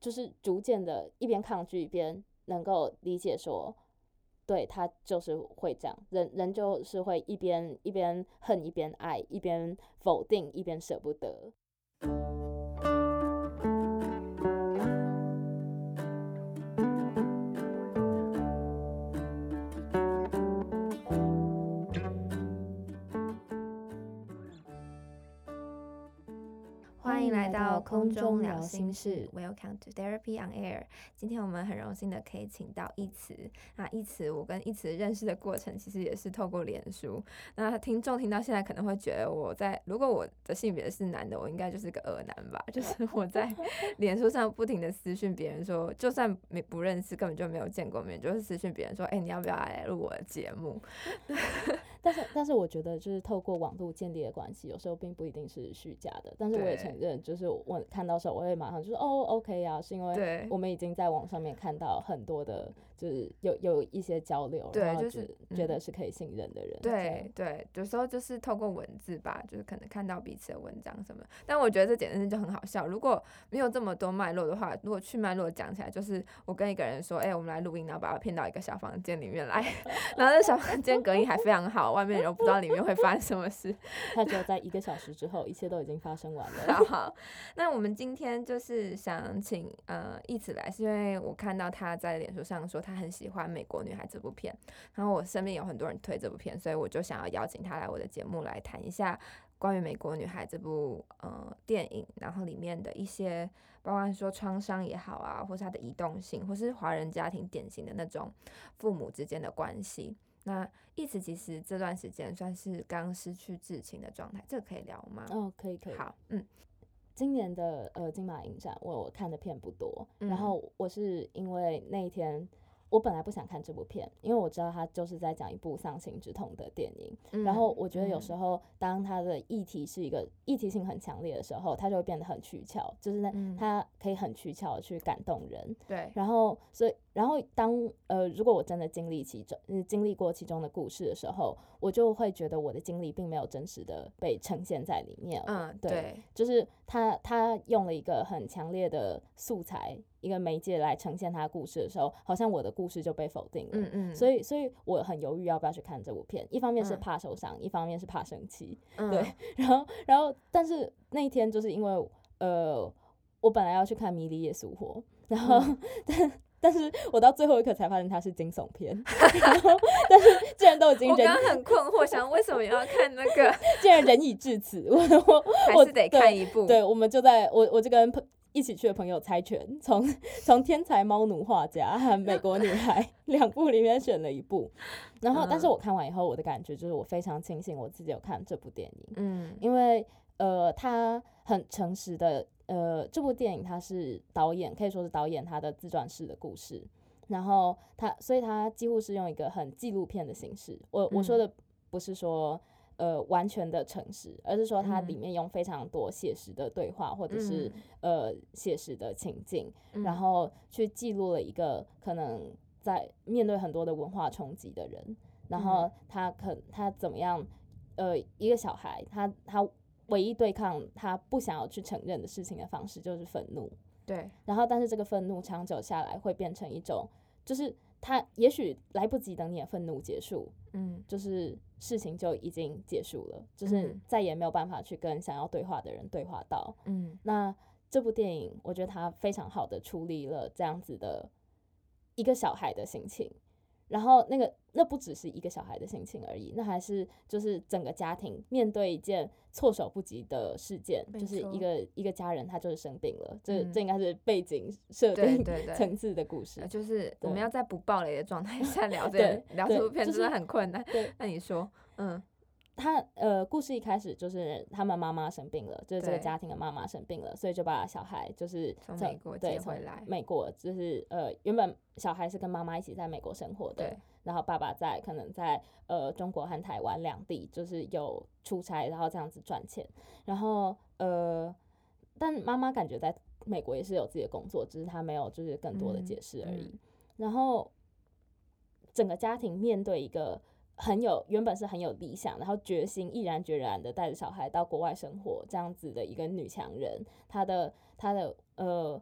就是逐漸的，一邊抗拒，一邊能夠理解，說，對他就是會這樣，人人就是會一邊一邊恨，一邊愛，一邊否定，一邊捨不得。空中聊心事，Welcome to Therapy on Air。今天我們很榮幸的可以請到亦慈。那亦慈，我跟亦慈認識的過程，其實也是透過臉書。那聽眾聽到現在可能會覺得，我在如果我的性別是男的，我應該就是個噁男吧？就是我在臉書上不停的私訊別人說，就算沒不認識，根本就沒有見過面，就是私訊別人說，哎、欸，你要不要來錄我的節目？ 但是，但是我覺得，就是透過網路建立的關係，有時候並不一定是虛假的。但是我也承認，就是我看到時候，我也馬上就是哦，OK 呀，是因為我們已經在網上面看到很多的。就是有有一些交流，對，就是覺得是可以信任的人。嗯、對對，有時候就是透過文字吧，就是可能看到彼此的文章什麼。但我覺得這簡直就很好笑。如果沒有這麼多脈絡的話，如果去脈絡講起來，就是我跟一個人說，哎、欸，我們來錄音，然後把我騙到一個小房間裡面來， 然後那小房間隔音還非常好， 外面人不知道裡面會發生什麼事。他只有在一個小時之後，一切都已經發生完了。然後，那我們今天就是想請呃一起來，是因為我看到他在臉書上說他。他很喜歡《美國女孩》這部片，然後我身邊有很多人推這部片，所以我就想要邀請他來我的節目來談一下關於《美國女孩》這部、呃、電影，然後裡面的一些，包括說創傷也好啊，或是他的移動性，或是華人家庭典型的那種父母之間的關係。那亦慈其實這段時間算是剛失去至親的狀態，這個可以聊嗎？哦，可以，可以。好，嗯，今年的呃金馬影展，我我看的片不多、嗯，然後我是因為那一天。我本來不想看這部片，因為我知道它就是在講一部喪親之痛的電影、嗯。然後我覺得有時候，當它的議題是一個、嗯、議題性很強烈的時候，它就會變得很取巧，就是它、嗯、可以很取巧地去感動人。對。然後，所以，然後當呃，如果我真的經歷其中、呃，經歷過其中的故事的時候，我就會覺得我的經歷並沒有真實的被呈現在裡面。嗯對，對。就是他，他用了一個很強烈的素材。一個媒介來呈現他的故事的時候，好像我的故事就被否定了。嗯嗯。所以，所以我很猶豫要不要去看這部片，一方面是怕受傷、嗯，一方面是怕生氣、嗯。對。然後，然後，但是那一天就是因為呃，我本來要去看《迷離夜蘇活》，然後，嗯、但但是我到最後一刻才發現它是驚悚片。 然後但是既然都已經，我剛剛很困惑，想為什麼要看那個？既 然人已至此，我我我還是得看一部。對，我們就在我我就跟。一起去的朋友猜拳，從從《天才貓奴畫家》和《美國女孩》 兩部裡面選了一部，然後但是我看完以後，我的感覺就是我非常慶幸我自己有看這部電影，嗯，因為呃，他很誠實的，呃，這部電影他是導演可以說是導演他的自傳式的故事，然後他所以他幾乎是用一個很紀錄片的形式，我我說的不是說。呃，完全的誠實，而是說它裡面用非常多寫實的對話，嗯、或者是呃寫實的情境、嗯，然後去記錄了一個可能在面對很多的文化衝擊的人，然後他可他怎麼樣？呃，一個小孩，他他唯一對抗他不想要去承認的事情的方式，就是憤怒。對。然後，但是這個憤怒長久下來，會變成一種就是。他也許來不及等你的憤怒結束，嗯，就是事情就已經結束了，就是再也沒有辦法去跟想要對話的人對話到，嗯，那這部電影我覺得他非常好的處理了這樣子的一個小孩的心情。然後那個，那不只是一個小孩的心情而已，那還是就是整個家庭面對一件措手不及的事件，就是一個一個家人他就是生病了，這、嗯、這應該是背景設定，對對對，層次的故事，呃、就是我們要在不暴雷的狀態下聊這個聊出片真的很困難，對對 那你說嗯。他呃，故事一開始就是他們媽媽生病了，就是這個家庭的媽媽生病了，所以就把小孩就是從美國接回來。對，從美國就是呃，原本小孩是跟媽媽一起在美國生活的，對，然後爸爸在可能在呃中國和台灣兩地就是有出差，然後這樣子賺錢。然後呃，但媽媽感覺在美國也是有自己的工作，只是就是她沒有就是更多的解釋而已。嗯，然後整個家庭面對一個。很有原本是很有理想，然後決心毅然決然的帶着小孩到國外生活這樣子的一個女強人，她的她的呃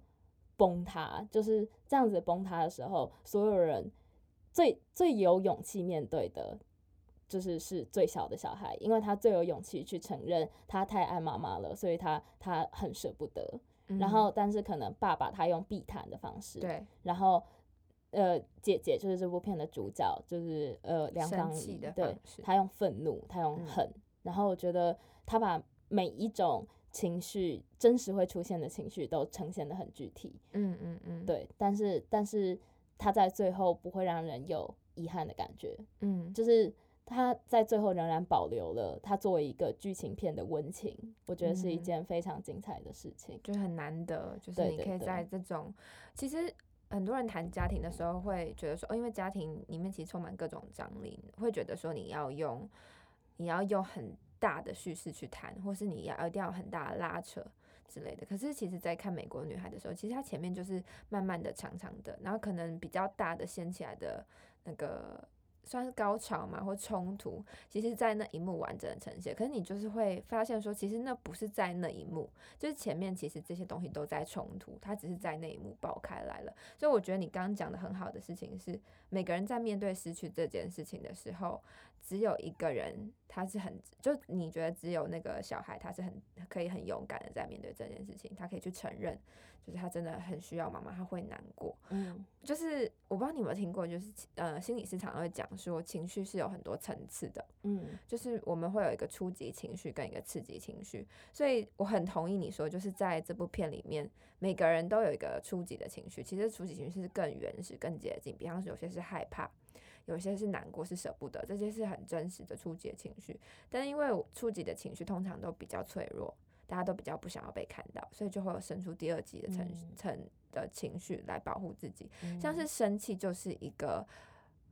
崩塌就是這樣子崩塌的時候，所有人最最有勇氣面對的，就是是最小的小孩，因為她最有勇氣去承認她太愛媽媽了，所以她她很捨不得，然後、嗯、但是可能爸爸他用避談的方式，對，然後。呃，姐姐就是這部片的主角，就是呃梁芳儀，對，她用憤怒，她用恨、嗯，然後我覺得她把每一種情緒真實會出現的情緒都呈現得很具體，嗯嗯嗯，對，但是但是她在最後不會讓人有遺憾的感覺，嗯，就是她在最後仍然保留了她作為一個劇情片的溫情、嗯，我覺得是一件非常精彩的事情，就是很難得，就是你可以在這種對對對對其實。很多人談家庭的時候，會覺得說，哦，因為家庭裡面其實充滿各種張力，會覺得說你要用，你要用很大的敘事去談，或是你要一定要很大的拉扯之類的。可是其實，在看《美國女孩》的時候，其實她前面就是慢慢的、長長的，然後可能比較大的掀起來的那個。算是高潮嘛，或衝突，其實，在那一幕完整的呈現。可是你就是會發現說，其實那不是在那一幕，就是前面其實這些東西都在衝突，它只是在那一幕爆開來了。所以我覺得你剛剛講的很好的事情是，每個人在面對失去這件事情的時候，只有一個人他是很就你覺得只有那個小孩他是很可以很勇敢的在面對這件事情，他可以去承認。就是他真的很需要媽媽，慢慢他會難過。嗯，就是我不知道你有沒有聽過，就是呃，心理師常會講說，情緒是有很多層次的。嗯，就是我們會有一個初級情緒跟一個次級情緒，所以我很同意你說，就是在這部片裡面，每個人都有一個初級的情緒。其實初級情緒是更原始、更接近，比方說有些是害怕，有些是難過，是捨不得，這些是很真實的初級情緒。但因為初級的情緒通常都比較脆弱。大家都比較不想要被看到，所以就會生出第二級的層層、嗯、的情緒來保護自己、嗯。像是生氣就是一個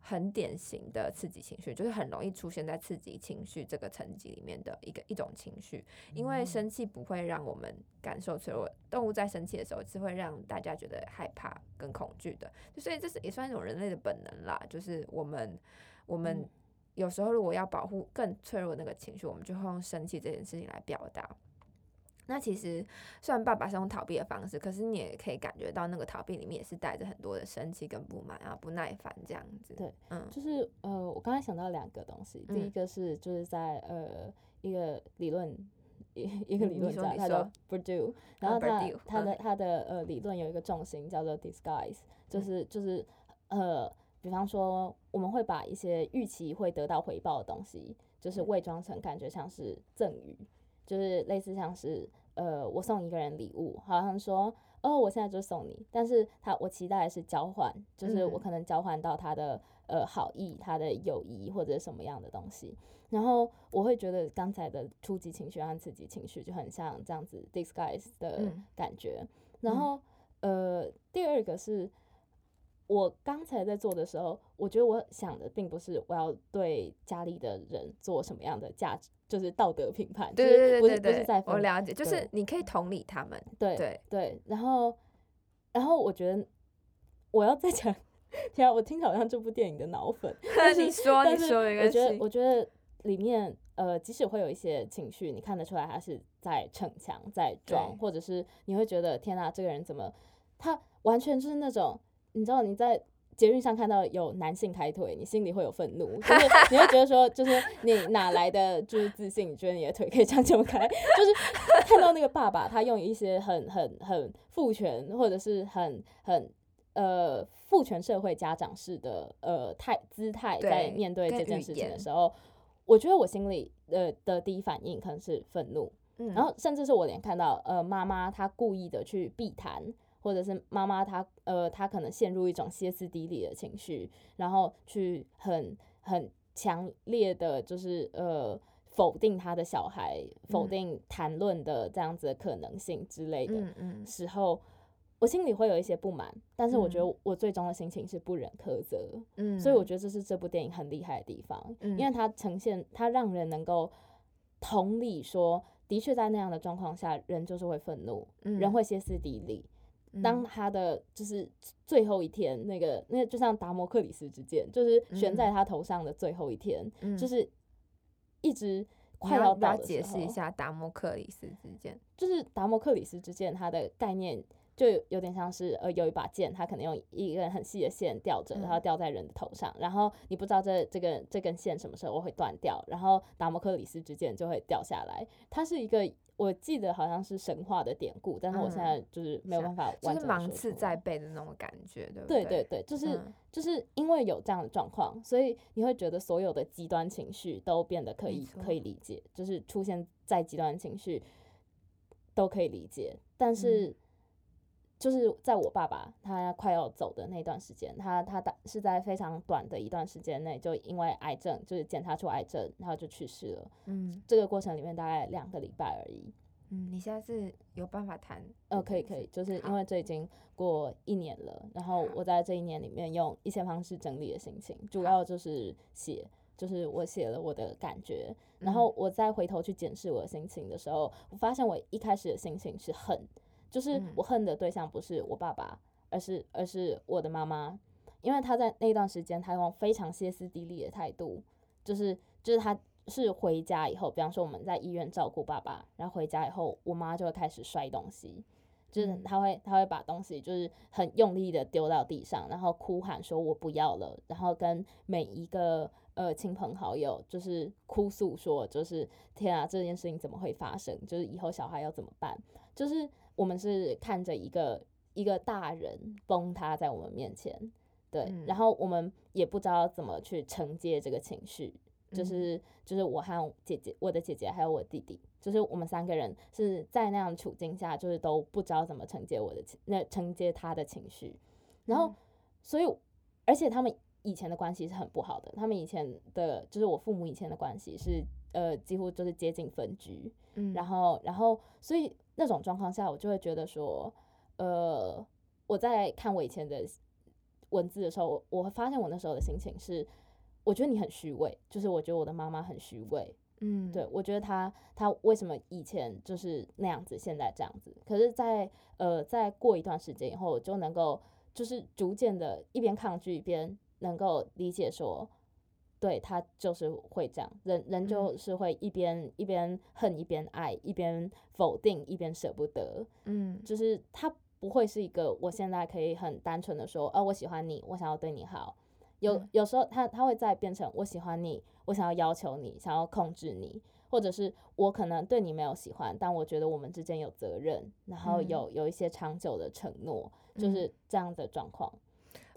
很典型的刺激情緒，就是很容易出現在刺激情緒這個層級裡面的一個一種情緒。因為生氣不會讓我們感受脆弱，動物在生氣的時候是會讓大家覺得害怕跟恐懼的，所以這是也算一種人類的本能啦。就是我們我們有時候如果要保護更脆弱的那個情緒，我們就會用生氣這件事情來表達。那其實雖然爸爸是用逃避的方式，可是你也可以感覺到那個逃避裡面也是帶着很多的生氣跟不滿啊，不耐煩這樣子。對，嗯，就是呃，我剛才想到兩個東西、嗯，第一個是就是在呃一個理論，一、嗯、一個理論家，他叫，說 Bourdieu，、啊、然後他它，、uh, 它的、嗯、它的呃理論有一個重心叫做 disguise，就是、嗯、就是呃，比方說我們會把一些預期會得到回報的東西，就是偽裝成感覺像是贈予。嗯就是類似像是，呃，我送一個人禮物，好像說，哦，我現在就送你，但是他我期待是交換，就是我可能交換到他的呃好意，他的友誼或者什麼樣的東西，然後我會覺得剛才的初級情緒和次級情緒就很像這樣子 disguise 的感覺，然後呃第二個是，我剛才在做的時候，我覺得我想的並不是我要對家裡的人做什麼樣的價值。就是道德評判，對對對對對，就是、是對對對我了解，就是你可以同理他們，對對對，對，然後，然後我覺得我要再講，天啊，我聽起來好像這部電影的腦粉， 但是 你說但是你說，我覺得我覺得裡面呃，即使會有一些情緒，你看得出來他是在逞強，在裝，或者是你會覺得天吶、啊，這個人怎麼他完全就是那種你知道你在。捷運上看到有男性開腿，你心裡會有憤怒，就是你會覺得說， 就是你哪來的就是自信，你覺得你的腿可以這樣這麼開？ 就是看到那個爸爸，他用一些很很很父權或者是很很呃父權社會家長式的呃態姿態在面對這件事情的時候，我覺得我心裡呃的，的第一反應可能是憤怒，嗯，然後甚至是我連看到呃媽媽她故意的去避談。或者是媽媽，她呃，她可能陷入一種歇斯底里的情緒，然後去很很強烈的，就是呃否定她的小孩，否定談論的這樣子的可能性之類的時候。嗯、嗯，我心裡會有一些不滿，但是我覺得我最終的心情是不忍苛責。嗯。所以我覺得這是這部電影很厲害的地方，嗯，因為它呈現，它讓人能夠同理說，的確在那樣的狀況下，人就是會憤怒，嗯，人會歇斯底里。當他的就是最後一天，那個，那個那個就像達摩克里斯之劍，就是懸在他頭上的最後一天，嗯，就是一直快要到。要要解釋一下達摩克里斯之劍，就是達摩克里斯之劍，它的概念就有點像是呃有一把劍，它可能用一根很細的線吊着，然後吊在人的頭上，然後你不知道這這根，個，這根線什麼時候我會斷掉，然後達摩克里斯之劍就會掉下來。它是一個。我記得好像是神話的典故，但是我現在就是沒有辦法完全、嗯、就是芒刺在背的那種感覺，對不對？對對，對就是、嗯、就是因為有這樣的狀況，所以你會覺得所有的極端情緒都變得可以可以理解，就是出現在極端情緒都可以理解，但是。嗯就是在我爸爸他快要走的那段時間，他他打是在非常短的一段時間內，就因為癌症，就是檢查出癌症，然後就去世了。嗯，這個過程裡面大概兩個禮拜而已。嗯，你現在是有辦法談？哦、呃，可以可以，就是因為這已經過一年了，然後我在這一年裡面用一些方式整理的心情，主要就是寫，就是我寫了我的感覺，然後我再回頭去檢視我的心情的時候，我發現我一開始的心情是很。就是我恨的對象不是我爸爸，嗯、而是而是我的媽媽，因為她在那段時間，她用非常歇斯底里的態度，就是就是她是回家以後，比方說我們在醫院照顧爸爸，然後回家以後，我媽就會開始摔東西，就是她會她會把東西就是很用力的丟到地上，然後哭喊說“我不要了”，然後跟每一個呃親朋好友就是哭訴說，就是天啊，這件事情怎麼會發生？就是以後小孩要怎麼辦？就是。我們是看着一個一個大人崩塌在我們面前，對、嗯，然後我們也不知道怎麼去承接這個情緒，就是、嗯、就是我和姐姐，我的姐姐還有我弟弟，就是我們三個人是在那樣處境下，就是都不知道怎麼承接我的情，那承接他的情緒，然後、嗯、所以而且他們以前的關係是很不好的，他們以前的就是我父母以前的關係是呃幾乎就是接近分居，嗯，然後然後所以。那種狀況下，我就會覺得說，呃，我在看我以前的文字的時候，我我會發現我那時候的心情是，我覺得你很虛偽，就是我覺得我的媽媽很虛偽，嗯對，對我覺得她她為什麼以前就是那樣子，現在這樣子，可是在，在呃，再過一段時間以後，我就能夠就是逐漸的，一邊抗拒，一邊能夠理解說。對他就是會這樣，人人就是會一邊、嗯、一邊恨，一邊愛，一邊否定，一邊捨不得。嗯，就是他不會是一個我現在可以很單純的說，呃、哦，我喜歡你，我想要對你好。有、嗯、有時候他他會再變成我喜歡你，我想要要求你，想要控制你，或者是我可能對你沒有喜歡，但我覺得我們之間有責任，然後有、嗯、有一些長久的承諾，就是這樣的狀況。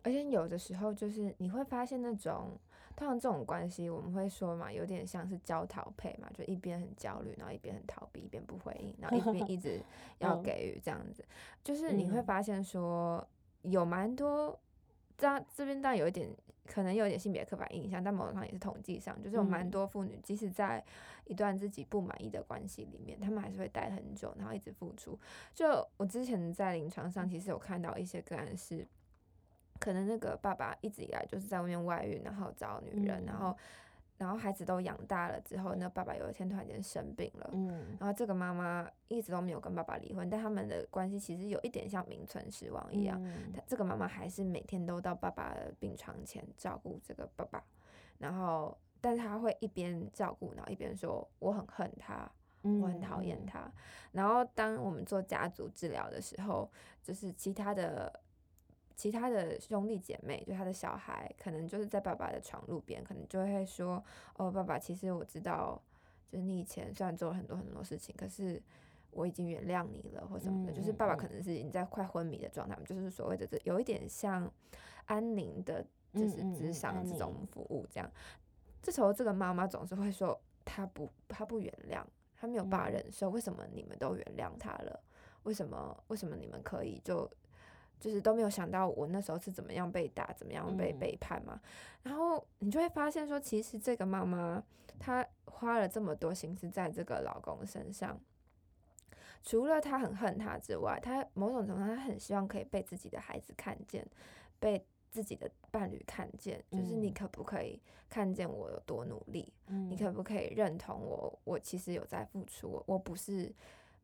而且有的時候就是你會發現那種。像這種關係，我們會說嘛，有點像是焦逃配嘛，就一邊很焦慮，然後一邊很逃避，一邊不回應，然後一邊一直要給予這樣子。 嗯、就是你會發現說，有蠻多，這樣這邊當然有一點，可能有一點性別刻板印象，但某種程度上也是統計上，就是有蠻多婦女，即使在一段自己不滿意的關係裡面，他們還是會待很久，然後一直付出。就我之前在臨床上，其實有看到一些個案是。可能那個爸爸一直以來就是在外面外遇，然後找女人，嗯、然後，然後孩子都養大了之後，那爸爸有一天突然間生病了、嗯，然後這個媽媽一直都沒有跟爸爸離婚，但他們的關係其實有一點像名存實亡一樣、嗯。他這個媽媽還是每天都到爸爸的病床前照顧這個爸爸，然後，但是他會一邊照顧，然後一邊說我很恨他，我很討厭他、嗯。然後當我們做家族治療的時候，就是其他的。其他的兄弟姐妹，就他的小孩，可能就是在爸爸的床路邊，可能就會說，哦，爸爸，其實我知道，就是你以前雖然做了很多很多事情，可是我已經原諒你了，或什麼的。嗯、就是爸爸可能是已經在快昏迷的狀態、嗯嗯，就是所謂的這有一點像安寧的，就是智商這種服務這樣。嗯嗯嗯嗯、這時候這個媽媽總是會說，她不，她不原諒，她沒有辦法忍受。’為什麼你們都原諒他了、嗯？為什麼？為什麼你們可以就？就是都沒有想到我那時候是怎麼樣被打，怎麼樣被背叛嘛、嗯。然後你就會發現說，其實這個媽媽她花了這麼多心思在這個老公身上，除了她很恨他之外，她某種程度上她很希望可以被自己的孩子看見，被自己的伴侶看見，就是你可不可以看見我有多努力？嗯、你可不可以認同我？我其實有在付出，我，我不是。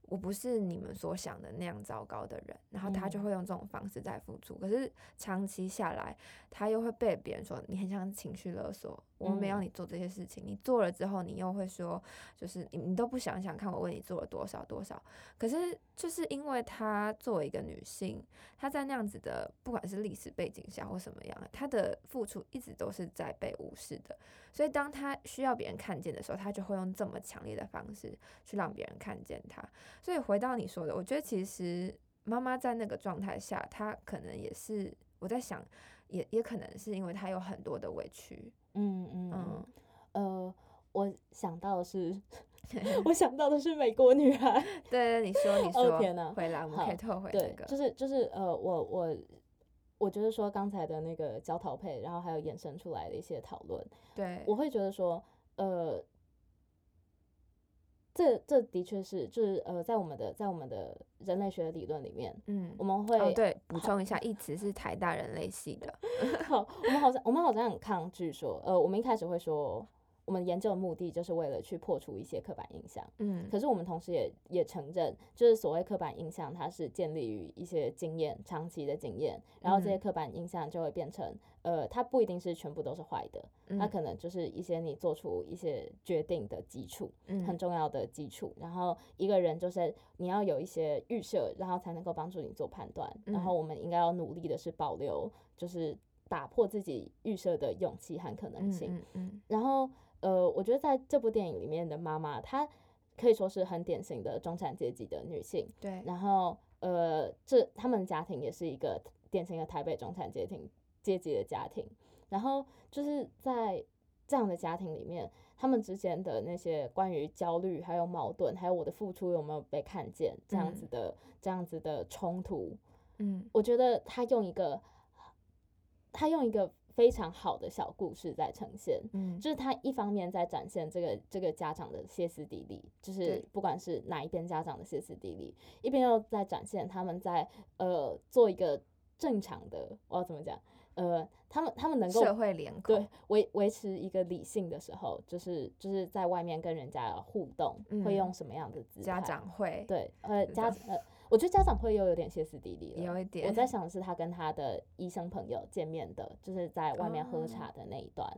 我不是你們所想的那樣糟糕的人，然後他就會用這種方式在付出，嗯、可是長期下來，他又會被別人說你很像情緒勒索。嗯、我沒讓你做這些事情，你做了之後，你又會說，就是你你都不想想看我為你做了多少多少。可是就是因為他作為一個女性，她在那樣子的，不管是歷史背景下或什麼樣的，她的付出一直都是在被無視的。所以，當他需要別人看見的時候，他就會用這麼強烈的方式去讓別人看見他。所以，回到你說的，我覺得其實媽媽在那個狀態下，她可能也是我在想，也也可能是因為她有很多的委屈。嗯嗯，嗯呃，我想到的是， 我想到的是美國女孩。對你說你說。你說。哦，天哪！回來我們可以退回這、那個。就是就是呃，我我。我覺得說剛才的那個焦桃配，然後還有衍生出來的一些討論，對，我會覺得說，呃，這這的確是，就是呃，在我們的在我們的人類學的理論裡面，嗯，我們會、哦、對補充一下，亦慈是台大人類系的， 好，我們好像我們好像很抗拒說，呃，我們一開始會說。我們研究的目的就是為了去破除一些刻板印象。嗯，可是我們同時也也承認，就是所謂刻板印象，它是建立於一些經驗、長期的經驗，然後這些刻板印象就會變成，嗯、呃，它不一定是全部都是壞的，它可能就是一些你做出一些決定的基礎、嗯，很重要的基礎。然後一個人就是你要有一些預設，然後才能夠幫助你做判斷。然後我們應該要努力的是保留，就是打破自己預設的勇氣和可能性。嗯，嗯嗯，然後。呃，我覺得在這部電影裡面的媽媽，她可以說是很典型的中產階級的女性。對。然後，呃，這他們家庭也是一個典型的台北中產階級階級的家庭。然後就是在這樣的家庭裡面，他們之間的那些關於焦慮、還有矛盾、還有我的付出有沒有被看見這樣子的、嗯、這樣子的衝突，嗯，我覺得他用一個，他用一個。非常好的小故事在呈現，嗯，就是他一方面在展現這個這個家長的歇斯底里，就是不管是哪一邊家長的歇斯底里，一邊又在展現他們在呃做一個正常的，我要怎麼講？呃，他們他們能夠對維維持一個理性的時候，就是就是在外面跟人家互動、嗯、會用什麼樣的姿態？家長會對呃家。呃我覺得家長會又有點歇斯底里了，有一點。我在想的是他跟他的醫生朋友見面的，就是在外面喝茶的那一段。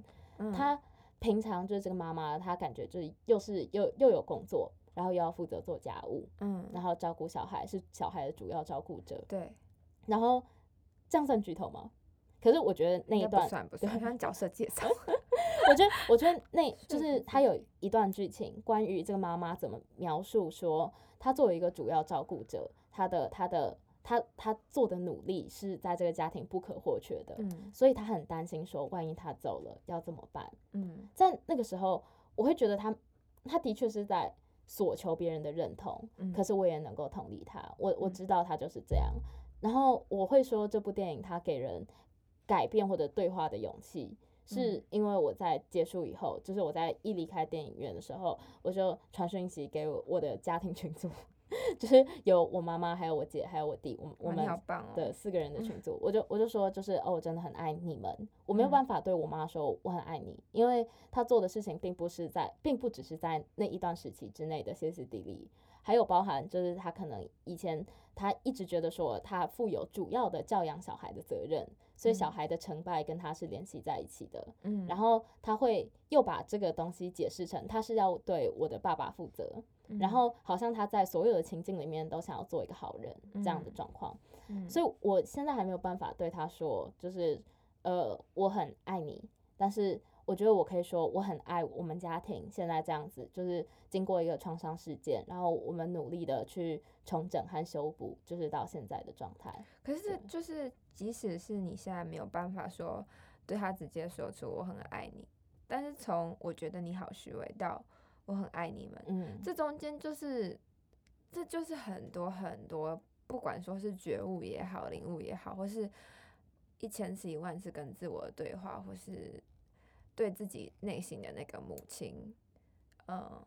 他平常就是這個媽媽，她感覺就是又是又又有工作，然後又要負責做家務，然後照顧小孩，是小孩的主要照顧者。對。然後這樣算劇透嗎？可是我覺得那一段不算，不算。角色介紹， 我覺得，我覺得那就是他有一段劇情，關於這個媽媽怎麼描述說。他作為一個主要照顧者，他的他的他他做的努力是在這個家庭不可或缺的，嗯，所以他很擔心說，萬一他走了要怎麼辦？嗯，在那個時候，我會覺得他他的確是在索求別人的認同，嗯，可是我也能夠同理他，我我知道他就是這樣，嗯，然後我會說，這部電影它給人改變或者對話的勇氣。是因為我在結束以後，就是我在一離開電影院的時候，我就傳訊息給我的家庭群組，就是有我媽媽、還有我姐、還有我弟，我我們的四個人的群組，我就我就說，就是哦，我真的很愛你們，我沒有辦法對我媽說我很愛你，因為她做的事情，並不是在，並不只是在那一段時期之內的歇斯底里，還有包含就是她可能以前她一直覺得說她負有主要的教養小孩的責任。所以小孩的成敗跟他是聯繫在一起的，嗯，然後他會又把這個東西解釋成他是要對我的爸爸負責，嗯，然後好像他在所有的情境裡面都想要做一個好人這樣的狀況，嗯嗯，所以我現在還沒有辦法對他說，就是呃，我很愛你，但是。我覺得我可以說我很愛我們家庭，現在這樣子就是經過一個創傷事件，然後我們努力的去重整和修補，就是到現在的狀態。可是就是即使是你現在沒有辦法說對他直接說出我很愛你，但是從我覺得你好虛偽到我很愛你們，嗯，這中間就是這就是很多很多，不管說是覺悟也好、領悟也好，或是一千次一萬次跟自我的對話，或是。對自己內心的那個母親，嗯，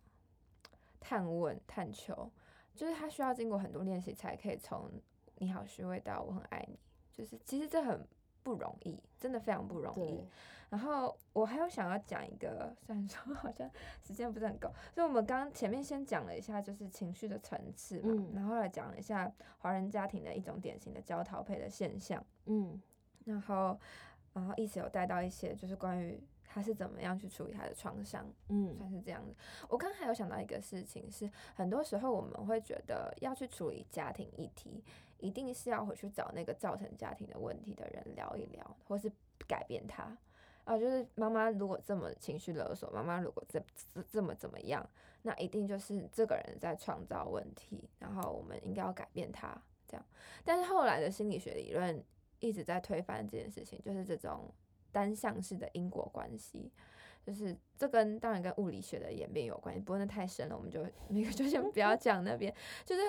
探問、探求，就是他需要經過很多練習，才可以從“你好”學會到“我很愛你”。就是其實這很不容易，真的非常不容易。然後我還有想要講一個，雖然說好像時間不是很夠，所以我們剛前面先講了一下就是情緒的層次嘛，嗯、然後來講了一下華人家庭的一種典型的焦逃、配的現象，嗯，然後然後一直有帶到一些就是關於。他是怎麼樣去處理他的創傷？嗯，算是這樣子。我剛剛還有想到一個事情，是很多時候我們會覺得要去處理家庭議題，一定是要回去找那個造成家庭的問題的人聊一聊，或是改變他。啊、呃，就是媽媽如果這麼情緒勒索，媽媽如果這這這麼怎麼樣，那一定就是這個人在創造問題，然後我們應該要改變他，這樣。但是後來的心理學理論一直在推翻這件事情，就是這種。單向式的因果關係，就是這跟當然跟物理學的演變有關係，不過那太深了，我們就那個就先不要講那邊。 就是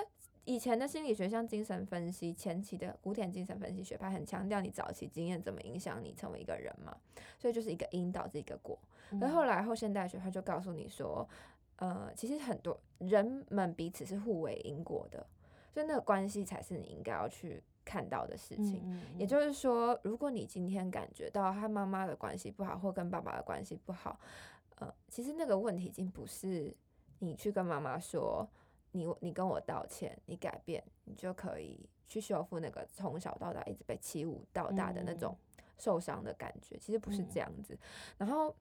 以前的心理學，像精神分析前期的古典精神分析學派，很強調你早期經驗怎麼影響你成為一個人嘛，所以就是一個因導致一個果。嗯。而後來後現代學派就告訴你說，呃，其實很多人們彼此是互為因果的，所以那個關係才是你應該要去。看到的事情嗯嗯嗯。也就是說，如果你今天感覺到他媽媽的關係不好，或跟爸爸的關係不好，呃，其實那個問題已經不是你去跟媽媽說，你你跟我道歉，你改變，你就可以去修復那個從小到大一直被欺侮到大的那種受傷的感覺嗯嗯，其實不是這樣子。然後，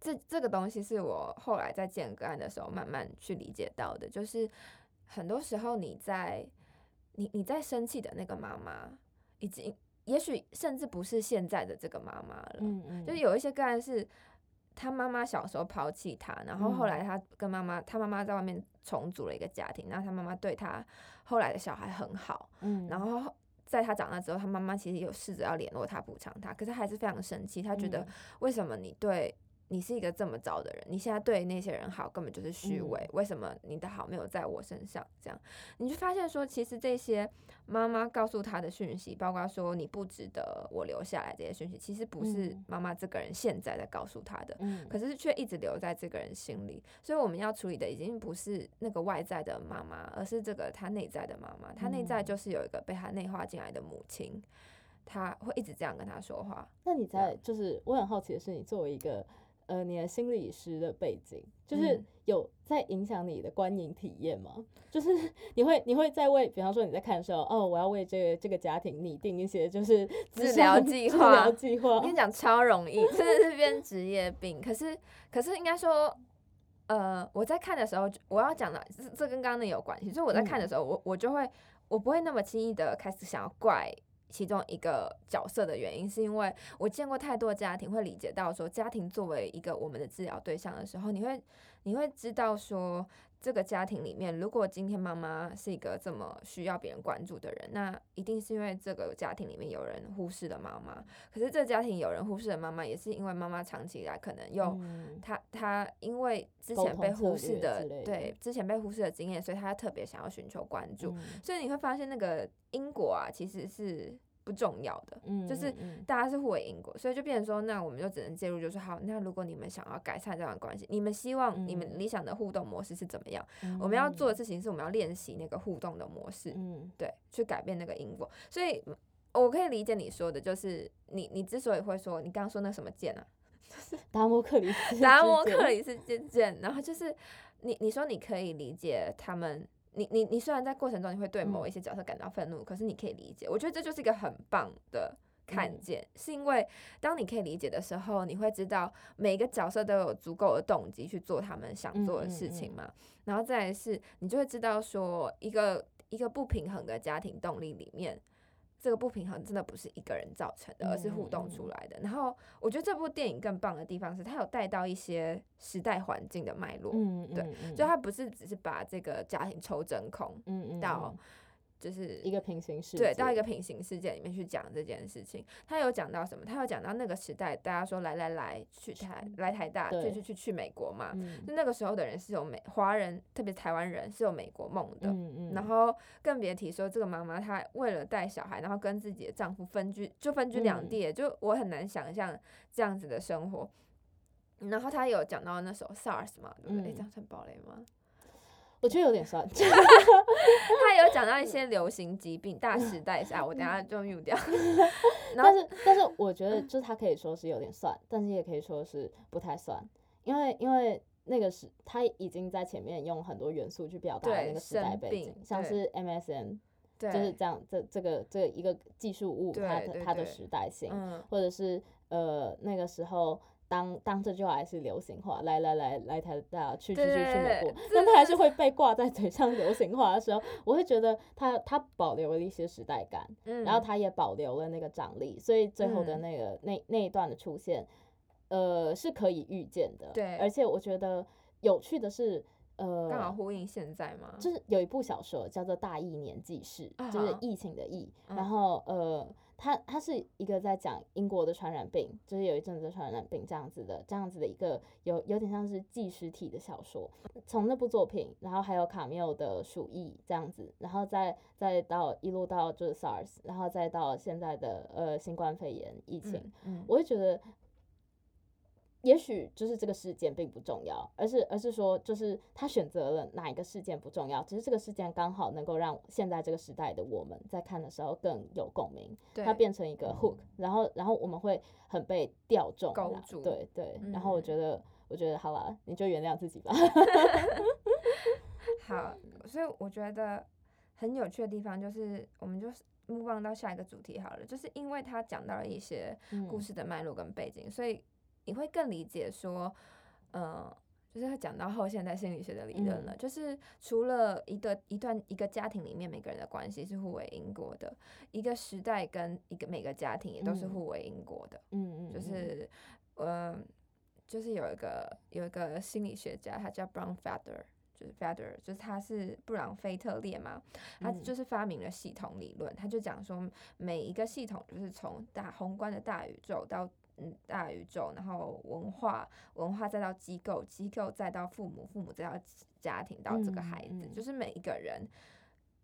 這這個東西是我後來在見個案的時候慢慢去理解到的，就是很多時候你在。你你在生氣的那個媽媽，已經也許甚至不是現在的這個媽媽了。嗯嗯、就是有一些個案是，他媽媽小時候拋棄他，然後後來他跟媽媽、嗯，他媽媽在外面重組了一個家庭，然後他媽媽對他後來的小孩很好、嗯。然後在他長大之後，他媽媽其實有試着要聯絡他補償他，可是他還是非常生氣，他覺得為什麼你對。你是一個這麼糟的人，你現在對那些人好根本就是虛偽，嗯。為什麼你的好沒有在我身上？這樣你就發現說，其實這些媽媽告訴他的訊息，包括說你不值得我留下來這些訊息，其實不是媽媽這個人現在在告訴他的，嗯，可是卻一直留在這個人心裡，嗯。所以我們要處理的已經不是那個外在的媽媽，而是這個她內在的媽媽。她內在就是有一個被她內化進來的母親，她會一直這樣跟她說話。那你在就是我很好奇的是，你作為一個。呃，你的心理師的背景，就是有在影響你的觀影體驗嗎、嗯？就是你會你會在為，比方說你在看的時候，哦，我要為這個這個家庭擬定一些就是治療計劃。治療計劃，我跟你講超容易， 就是變職業病。 可是可是應該說，呃，我在看的時候，我要講的這這跟剛剛的有關係。就我在看的時候，嗯、我我就會我不會那麼輕易的開始想要怪。其中一個角色的原因，是因為我見過太多家庭會理解到說，家庭作為一個我們的治療對象的時候，你會，你會知道說。這個家庭裡面，如果今天媽媽是一個這麼需要別人關注的人，那一定是因為這個家庭裡面有人忽視了媽媽。可是，這個家庭有人忽視了媽媽，也是因為媽媽長期以來可能用、嗯、她她因為之前被忽視的，之的對之前被忽視的經驗，所以她特別想要尋求關注。嗯、所以你會發現，那個因果啊，其實是。不重要的，就是大家是互為因果、嗯嗯，所以就變成說，那我們就只能介入，就是好，那如果你們想要改善這樣的關係，你們希望你們理想的互動模式是怎麼樣？嗯、我們要做的事情是，我們要練習那個互動的模式，嗯，對，去改變那個因果。所以我可以理解你說的，就是你你之所以會說，你剛剛說那什麼劍啊，就是達摩克里斯，達摩克里斯之劍，然後就是你你說你可以理解他們。你你你雖然在過程中你會對某一些角色感到憤怒，嗯，可是你可以理解，我覺得這就是一個很棒的看見，嗯、是因為當你可以理解的時候，你會知道每個角色都有足夠的動機去做他們想做的事情嘛，嗯嗯嗯，然後再來是，你就會知道說一個一個不平衡的家庭動力裡面，這個不平衡真的不是一個人造成的，而是互動出來的。嗯嗯嗯、然後我覺得這部電影更棒的地方是，它有帶到一些時代環境的脈絡，嗯嗯嗯嗯，對，就它不是只是把這個家庭抽真空，嗯到就是一個平行世界，對，到一個平行世界裡面去講這件事情。他有講到什麼？他有講到那個時代，大家說來來來去台來台大，就就去去，去，去，去美國嘛、嗯。那個時候的人是有美華人，特別台灣人是有美國夢的。嗯嗯、然後更別提說這個媽媽，她為了帶小孩，然後跟自己的丈夫分居，就分居兩地、嗯，就我很難想象這樣子的生活。嗯、然後他有講到那時候 SARS 嘛，對不對？嗯、誒，這樣算暴雷嗎？我覺得有點算， 他有講到一些流行疾病， 大時代下， 我等下就用掉。 但是，但是我覺得，就是他可以說是有點算， 但是也可以說是不太算，因為，因為那個時，他已經在前面用很多元素去表達那個時代背景，對像是 MSN，就是這樣，這這個這個、一個技術物，它它的時代性，對對對嗯、或者是呃，那個時候。當當這句話還是流行話，來來來來台大去去去去美國，但他還是會被掛在嘴上，流行話的時候，我會覺得他他保留了一些時代感，嗯、然後他也保留了那個張力，所以最後的那個、嗯、那那一段的出現，呃是可以預見的，對，而且我覺得有趣的是，呃，剛好呼應現在嘛，就是有一部小說叫做《大疫年紀事》啊，就是疫情的疫，啊、然後呃。他他是一個在講英國的傳染病，就是有一陣子的傳染病這樣子的，這樣子的一個有有點像是紀實體的小說。從那部作品，然後還有卡繆的《鼠疫》這樣子，然後再再到一路到就是 SARS，然後再到現在的呃新冠肺炎疫情，嗯嗯、我會覺得。也許就是這個事件並不重要，而是而是說，就是他選擇了哪一個事件不重要，只是這個事件剛好能夠讓現在這個時代的我們在看的時候更有共鳴，它變成一個 hook，、嗯、然後然後我們會很被調中。對對，對、嗯，然後我覺得我覺得好了，你就原諒自己吧。 好，所以我覺得很有趣的地方就是，我們就 move on 到下一個主題好了，就是因為他講到了一些故事的脈絡跟背景，嗯、所以。你會更理解說，呃，就是他講到後現代心理學的理論了，嗯、就是除了一個一段一個家庭裡面每個人的關係是互為因果的，一個時代跟一個每個家庭也都是互為因果的，嗯嗯，就是，嗯、呃，就是有一個有一個心理學家，他叫 Brown Fetter 就是 Fetter 就是他是布朗菲特列嘛，他就是發明了系統理論，他就講說每一個系統就是從大宏觀的大宇宙到。嗯，大宇宙，然後文化，文化再到機構，機構再到父母，父母再到家庭，到這個孩子，嗯嗯、就是每一個人，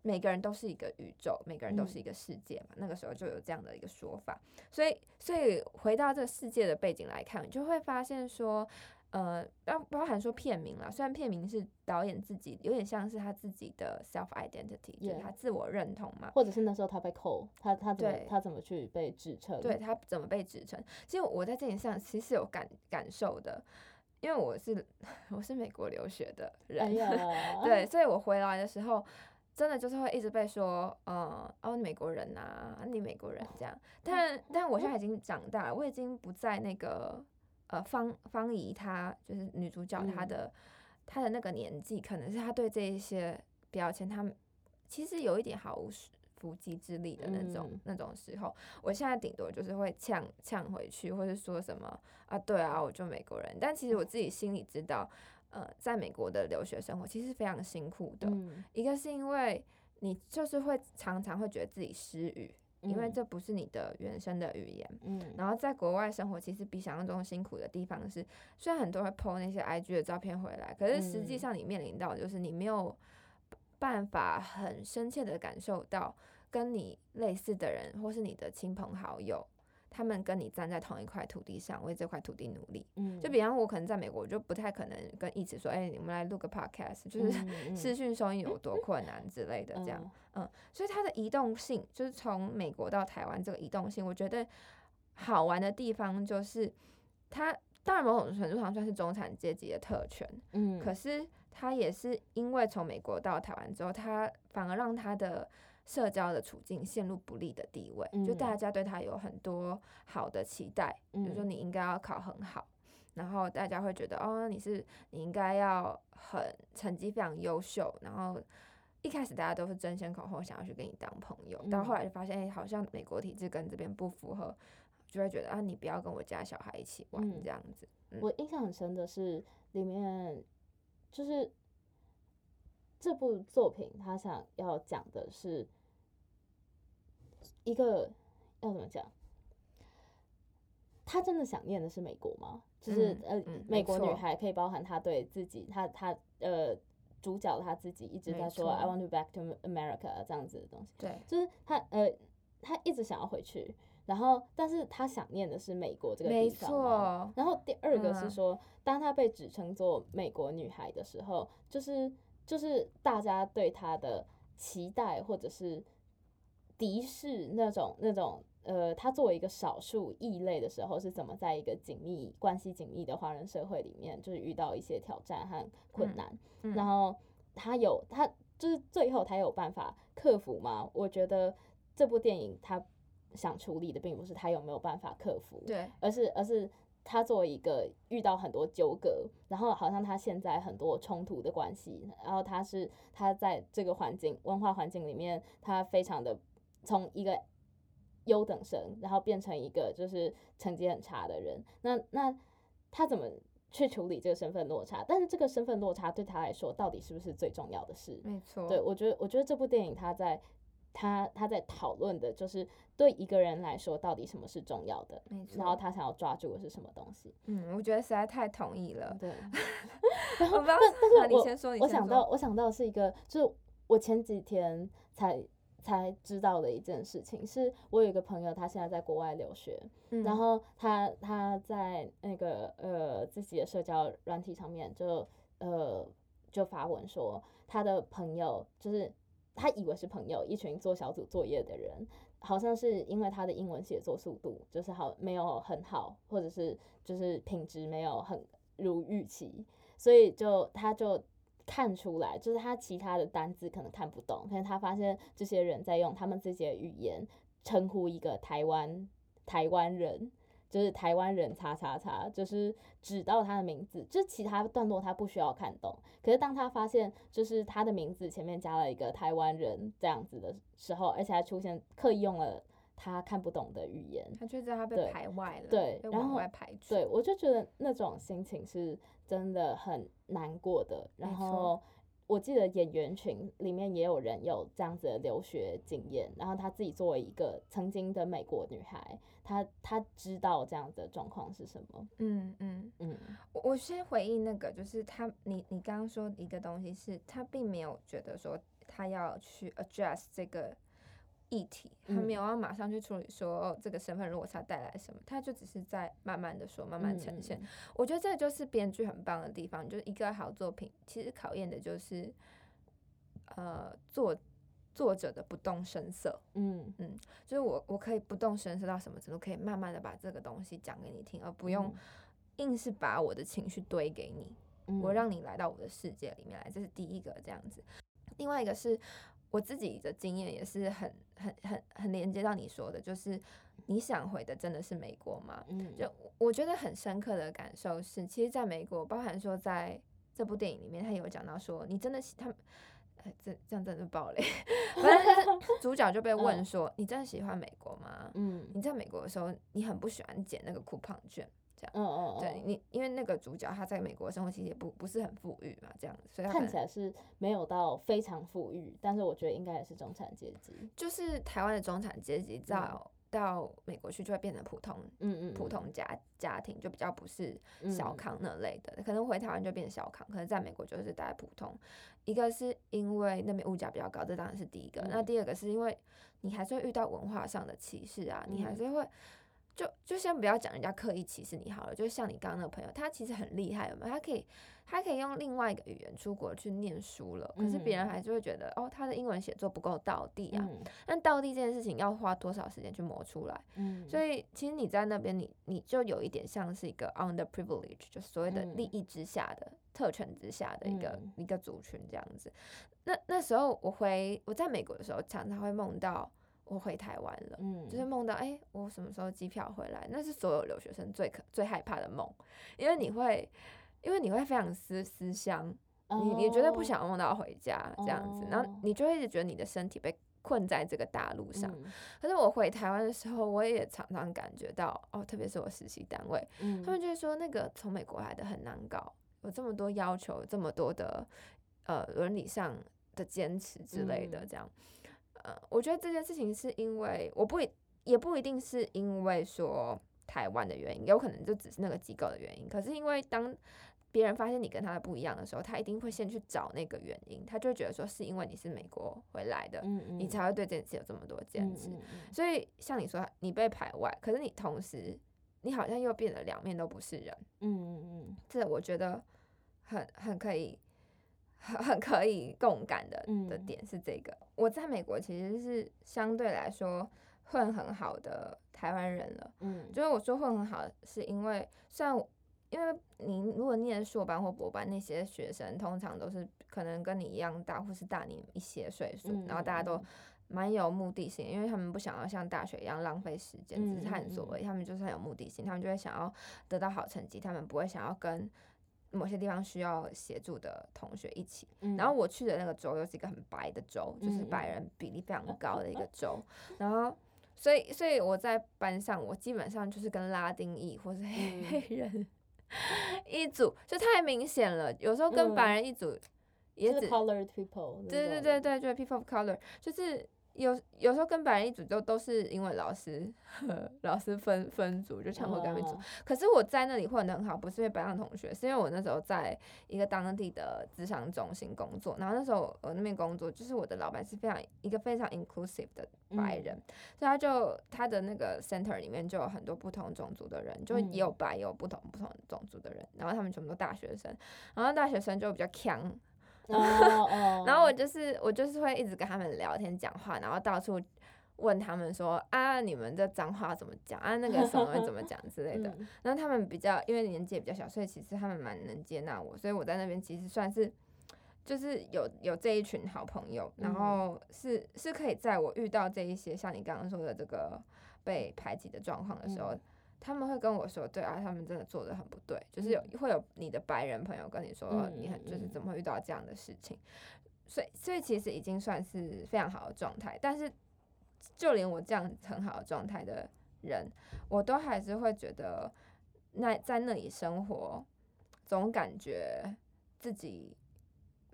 每個人都是一個宇宙，每個人都是一個世界嘛、嗯。那個時候就有這樣的一個說法，所以，所以回到這個世界的背景來看，你就會發現說。呃，要包含說片名啦。雖然片名是導演自己，有點像是他自己的 self identity、yeah. 就是他自我認同嘛。或者是那時候他被扣，他他怎麼對他怎麼去被指稱？對他怎麼被指稱？其實我在這一點上其實有感感受的，因為我是我是美國留學的人，哎、 對，所以我回來的時候真的就是會一直被說，呃、嗯，哦，美國人啊，你美國人這樣。哦、但、哦、但我現在已經長大了，我已經不在那個。呃，芳、芳儀她就是女主角她的，她的她的那個年紀，可能是她對這一些標籤，她其實有一點毫無反擊之力的那種、嗯、那種時候。我現在頂多就是會嗆嗆回去，或是說什麼啊，對啊，我就美國人。但其實我自己心裡知道，嗯、呃，在美國的留學生活其實是非常辛苦的、嗯。一個是因為你就是會常常會覺得自己失語。因為這不是你的原生的語言，嗯，然後在國外生活其實比想象中辛苦的地方是，雖然很多會 Po 那些 IG 的照片回來，可是實際上你面臨到就是你沒有辦法很深切的感受到跟你類似的人或是你的親朋好友。他們跟你站在同一塊土地上，為這塊土地努力。嗯、就比方我可能在美國，我就不太可能跟一直說，哎、欸，你們來錄個 podcast，就是視訊收音有多困難之類的，這樣嗯嗯。嗯，所以它的移動性，就是從美國到台灣這個移動性，我覺得好玩的地方就是它，它當然某種程度上算是中產階級的特權。嗯，可是它也是因為從美國到台灣之後，它反而讓它的。社交的處境陷入不利的地位，嗯，就大家對他有很多好的期待，比如說你應該要考很好，嗯，然後大家會覺得哦，你是你應該要很成績非常優秀，然後一開始大家都是爭先恐後想要去跟你當朋友，但，嗯、後來就發現哎、欸、好像美國體制跟這邊不符合，就會覺得啊你不要跟我家小孩一起玩這樣子。嗯嗯、我印象很深的是裡面就是。這部作品他想要講的是一個要怎麼講？他真的想念的是美國嗎？就是、嗯、呃、嗯，美國女孩可以包含他對自己，他他呃，主角他自己一直在說 “I want to back to America” 這樣子的東西，對，就是他呃，他一直想要回去，然後但是他想念的是美國這個地方沒錯。然後第二個是說、嗯，當他被指稱作美國女孩的時候，就是。就是大家對他的期待或者是敵視，那種那種呃，他作為一個少數異類的時候，是怎麼在一個緊密關係緊密的華人社會裡面，就是遇到一些挑戰和困難？嗯嗯、然後他有他就是最後他有辦法克服嗎？我覺得這部電影他想處理的並不是他有沒有辦法克服，對，而是而是。而是他作為一個遇到很多糾葛，然後好像他現在很多衝突的關係，然後他是他在這個環境，文化環境裡面，他非常的從一個優等生，然後變成一個就是成績很差的人。那那他怎麼去處理這個身份落差？但是這個身份落差對他來說，到底是不是最重要的事？沒錯，對，我覺得我覺得這部電影他在。他他在討論的就是對一個人來說到底什麼是重要的，然後他想要抓住的是什麼東西？嗯，我覺得實在太同意了。對， 然後我不知道。但是我，我、啊，你先說、你先說，我想到我想到是一個，就是我前幾天才才知道的一件事情，是我有一個朋友，他現在在國外留學，嗯，然後他他在那個呃自己的社交軟體上面就呃就發文說他的朋友就是。他以為是朋友，一群做小組作業的人，好像是因為他的英文寫作速度就是好沒有很好，或者是就是品質沒有很如預期，所以就他就看出來，就是他其他的單字可能看不懂，但是他發現這些人在用他們自己的語言稱呼一個台灣台灣人。就是台灣人，叉叉叉，就是指到他的名字，就是其他段落他不需要看懂。可是當他發現，就是他的名字前面加了一個台灣人這樣子的時候，而且還出現刻意用了他看不懂的語言，他覺得他被排外了，對對，被往外排去。然後對，我就覺得那種心情是真的很難過的。然後。我記得演員群裡面也有人有這樣子的留學經驗，然後她自己作為一個曾經的美國女孩，她她知道這樣的狀況是什麼。嗯嗯嗯，我我先回應那個，就是她，你你剛剛說一個東西是她並沒有覺得說她要去 address 這個。議題還沒有要馬上去處理說，說、嗯哦、這個身份落差帶來什麼，他就只是在慢慢的說，慢慢呈現。嗯嗯、我覺得這就是編劇很棒的地方，就是一個好作品其實考驗的就是，呃，作作者的不動聲色。嗯嗯，就是我我可以不動聲色到什麼程度，可以慢慢的把這個東西講給你聽，而不用硬是把我的情緒堆給你、嗯。我讓你來到我的世界裡面來，這是第一個這樣子。另外一個是。我自己的經驗也是很、很、很、很連接到你說的，就是你想回的真的是美國嗎？嗯，就我覺得很深刻的感受是，其實在美國，包含說在這部電影裡面，他也有講到說，你真的喜他們，欸、這這樣真的爆雷。 反正是 主角就被問說，你真的喜歡美國嗎？嗯，你在美國的時候，你很不喜歡剪那個 coupon 券。嗯嗯，哦哦哦對你，因為那個主角他在美國生活其實也不不是很富裕嘛，這樣，所以看起來是沒有到非常富裕，但是我覺得應該也是中產階級。就是台灣的中產階級到到美國去就會變得普通，嗯嗯，嗯，嗯、普通家家庭就比較不是小康那類的，嗯嗯，可能回台灣就變小康，可能在美國就是大概普通。一個是因為那邊物價比較高，這當然是第一個。嗯嗯，那第二個是因為你還是會遇到文化上的歧視啊，你還是會。嗯嗯就就先不要講人家刻意歧視你好了，就像你剛剛那個朋友，他其實很厲害，有沒有？他可以他可以用另外一個語言出國去念書了，可是別人還是會覺得、嗯、哦，他的英文寫作不夠道地啊。嗯、但道地這件事情要花多少時間去磨出來、嗯？所以其實你在那邊，你你就有一點像是一個 underprivilege，就是所謂的利益之下的、嗯、特權之下的一個、嗯、一個族群這樣子。那那時候我回我在美國的時候，常常會夢到。我回台灣了，嗯，就是夢到哎、欸，我什麼時候機票回來？那是所有留學生最可最害怕的夢，因為你會，因為你會非常思思鄉、哦，你你絕對不想要夢到回家這樣子，哦、然後你就會一直覺得你的身體被困在這個大陸上、嗯。可是我回台灣的時候，我也常常感覺到哦，特別是我實習單位、嗯，他們就會說，那個從美國來的很難搞，有這麼多要求，這麼多的呃倫理上的堅持之類的這樣。嗯嗯，我覺得這件事情是因為我不也不一定是因為說台灣的原因，有可能就只是那個機構的原因。可是因為當別人發現你跟他的不一樣的時候，他一定會先去找那個原因，他就會覺得說是因為你是美國回來的，嗯嗯，你才會對這件事有這麼多堅持。嗯嗯嗯。所以像你說，你被排外，可是你同時你好像又變得兩面都不是人，嗯嗯嗯，這我覺得很很可以。很可以共感的的點是這個，嗯，我在美國其實是相對來說混很好的台灣人了。嗯，就是我說混很好，是因為雖然因為您如果念碩班或博班那些學生，通常都是可能跟你一樣大，或是大你一些歲數，嗯，然後大家都蠻有目的性，嗯，因為他們不想要像大學一樣浪費時間、嗯、只是探索而已，他們就是很有目的性，他們就會想要得到好成績，他們不會想要跟。某些地方需要協助的同學一起、嗯，然後我去的那個州又是一個很白的州，嗯嗯，就是白人比例非常高的一個州，嗯嗯，然後所以所以我在班上我基本上就是跟拉丁裔或是黑，黑人、嗯、一組，就太明顯了，有時候跟白人一組，也只、嗯、就 coloured people, 對，對對對對，colour, 就是 people of color，就是。有有時候跟白人一組就都是因為老師呵，老師分分組就強迫跟他們組，oh. 可是我在那裡混得很好，不是因為白人同學，是因為我那時候在一個當地的職場中心工作，然後那時候我那邊工作就是我的老板是非常一個非常 inclusive 的白人，嗯，所以他就他的那個 center 裡面就有很多不同種族的人，就也有白也有不同不同種族的人，然後他們全部都大學生，然後大學生就比較強。 oh, oh. 然後我就是我就是會一直跟他們聊天講話，然後到處問他們說啊，你們這髒話怎麼講啊，那個什麼怎麼講之類的。 然後他們比較因為年紀也比較小，所以其實他們蠻能接納我，所以我在那邊其實算是就是有有這一群好朋友，然後是、嗯、是可以在我遇到這一些像你剛剛說的這個被排擠的狀況的時候。嗯他們會跟我說：“對啊，他們真的做得很不對，就是有會有你的白人朋友跟你說，嗯、你很就是怎麼會遇到這樣的事情，所以所以其實已經算是非常好的狀態，但是就連我這樣很好的狀態的人，我都還是會覺得那，那在那裡生活，總感覺自己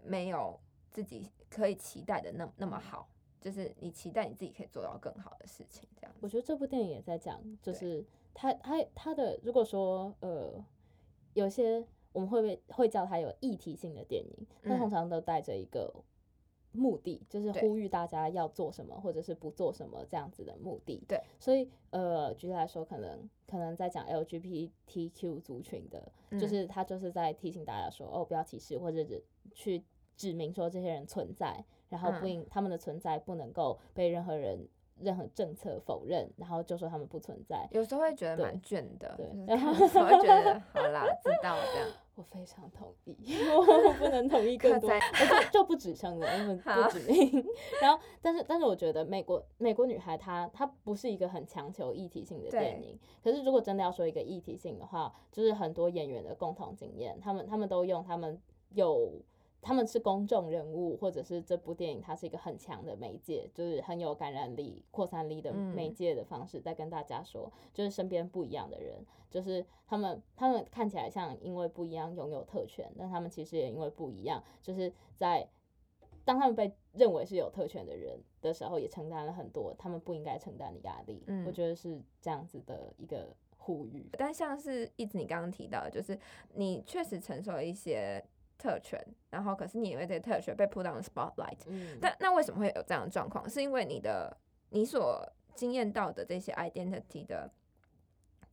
沒有自己可以期待的那那麼好。”就是你期待你自己可以做到更好的事情，這樣。我覺得這部電影也在講，就是他他他的，如果說呃，有些我們會不會會叫他有議題性的電影，它通常都帶着一個目的，嗯、就是呼籲大家要做什麼，或者是不做什麼這樣子的目的。對，所以呃，舉例來說，可能可能在講 LGBTQ 族群的，嗯、就是他就是在提醒大家說，哦，不要歧視，或者是去指明說這些人存在。然後不應、嗯、他們的存在不能夠被任何人、任何政策否認，然後就說他們不存在。有時候會覺得蠻捲的，對對，然後我會覺得， 好啦，知道了這樣。我非常同意，我不能同意更多，我、欸、就，就不指香了，他 們不止。然後，但是，但是，我覺得美國美國女孩她她，不是一個很強求議題性的電影。可是，如果真的要說一個議題性的話，就是很多演員的共同經驗，他們他們都用他們有。他們是公眾人物，或者是這部電影，它是一個很強的媒介，就是很有感染力、擴散力的媒介的方式，嗯，在跟大家說，就是身邊不一樣的人，就是他們，他們看起來像因為不一樣擁有特權，但他們其實也因為不一樣，就是在當他們被認為是有特權的人的時候，也承擔了很多他們不應該承擔的壓力，嗯。我覺得是這樣子的一個呼籲。但像是一直你剛剛提到，就是你確實承受了一些特權，然後可是你以為這些特權被 put 到了 spotlight。那、嗯、那為什麼會有這樣的狀況？是因為你的你所經驗到的這些 identity 的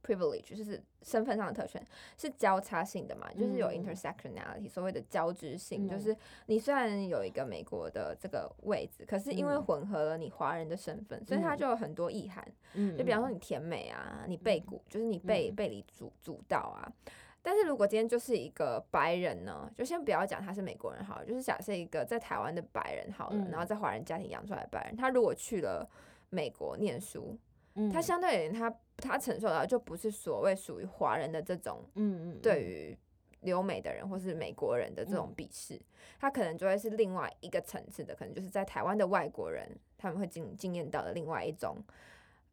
privilege，就是身份上的特權，是交叉性的嘛？嗯、就是有 intersectionality，所謂的交織性、嗯，就是你雖然有一個美國的這個位置，可是因為混合了你華人的身份，嗯、所以它就有很多意涵、嗯。就比方說你甜美啊，你背骨、嗯、就是你背背離主主導啊。但是如果今天就是一個白人呢，就先不要講他是美國人好了，就是假設一個在台灣的白人好了，嗯、然後在華人家庭養出來的白人，他如果去了美國念書，嗯、他相對而言他他承受到就不是所謂屬於華人的這種，嗯嗯，對於留美的人或是美國人的這種鄙視，嗯嗯嗯、他可能就會是另外一個層次的，可能就是在台灣的外國人他們會經經驗到的另外一種，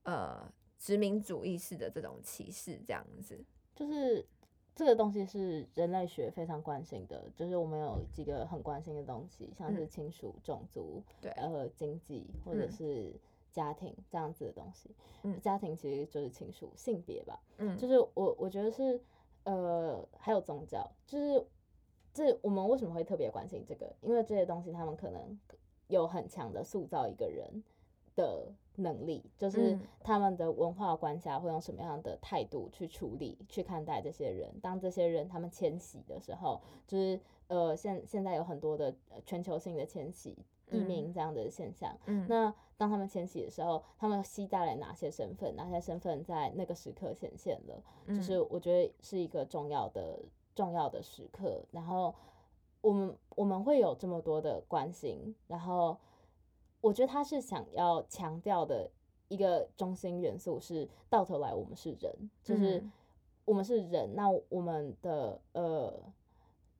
呃，殖民主義式的這種歧視，這樣子就是。這個東西是人類學非常關心的，就是我們有幾個很關心的東西，像是親屬、嗯、種族，對，呃，經濟或者是家庭、嗯、這樣子的東西、嗯。家庭其實就是親屬、性別吧。嗯，就是我我覺得是，呃，還有宗教，就是這我們為什麼會特別關心這個？因為這些東西他們可能有很強的塑造一個人的。能力，就是他們的文化管轄會用什麼樣的態度去處理、嗯、去看待這些人。當這些人他們遷徙的時候，就是呃，現現在有很多的、呃、全球性的遷徙移民這樣的現象。嗯，那當他們遷徙的時候，他們攜帶來哪些身份？哪些身份在那個時刻顯現了？就是我覺得是一個重要的、重要的時刻。然後我們我們會有這麼多的關心，然後。我覺得他是想要強調的一個中心元素是，到頭來我們是人，就是我們是人，那我們的呃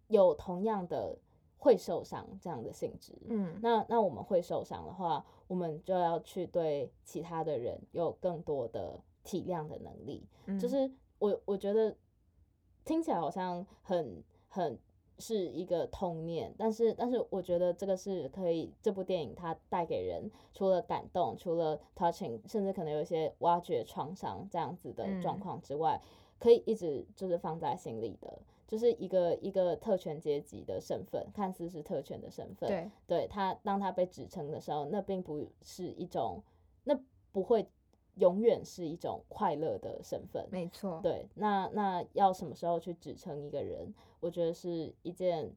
有同樣的會受傷這樣的性質，嗯，那那我們會受傷的話，我們就要去對其他的人有更多的體諒的能力，就是我我覺得聽起來好像很很。是一個痛念，但是但是我覺得這個是可以，這部電影它帶給人除了感動，除了 touching，甚至可能有一些挖掘創傷這樣子的狀況之外，嗯，可以一直就是放在心裡的，就是一個一個特權階級的身份，看似是特權的身份，對，對他當他被指稱的時候，那並不是一種，那不會永遠是一種快樂的身份，沒錯。對，那那要什麼時候去指稱一個人，我覺得是一件